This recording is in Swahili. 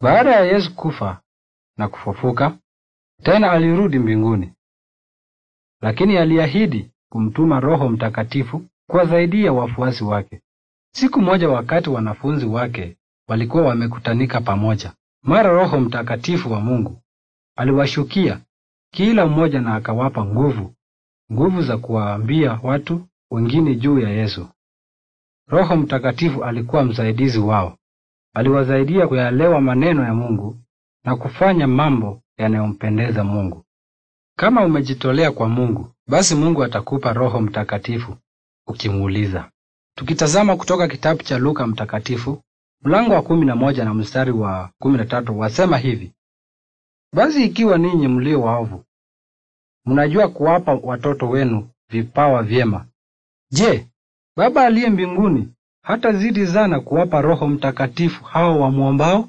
Baada ya Yesu kufa na kufufuka, tena alirudi mbinguni, lakini aliahidi kumtuma Roho Mtakatifu kwa zaidi ya wafuasi wake. Siku moja, wakati wanafunzi wake walikuwa wamekutanika pamoja, mara Roho Mtakatifu wa Mungu aliwashukia kila mmoja, na akawapa nguvu, nguvu za kuwaambia watu wengine juu ya Yesu. Roho Mtakatifu alikuwa msaidizi wao aliwasaidia kuyaelewa maneno ya Mungu na kufanya mambo yanayompendeza Mungu. Kama umejitolea kwa Mungu, basi Mungu atakupa Roho Mtakatifu ukimuuliza. Tukitazama kutoka kitabu cha Luka Mtakatifu mlango wa kumi na moja na mstari wa kumi na tatu wasema hivi: basi ikiwa ninyi mlio waovu mnajua kuwapa watoto wenu vipawa vyema, je, Baba aliye mbinguni hatazidi zana kuwapa Roho Mtakatifu hao wamwombao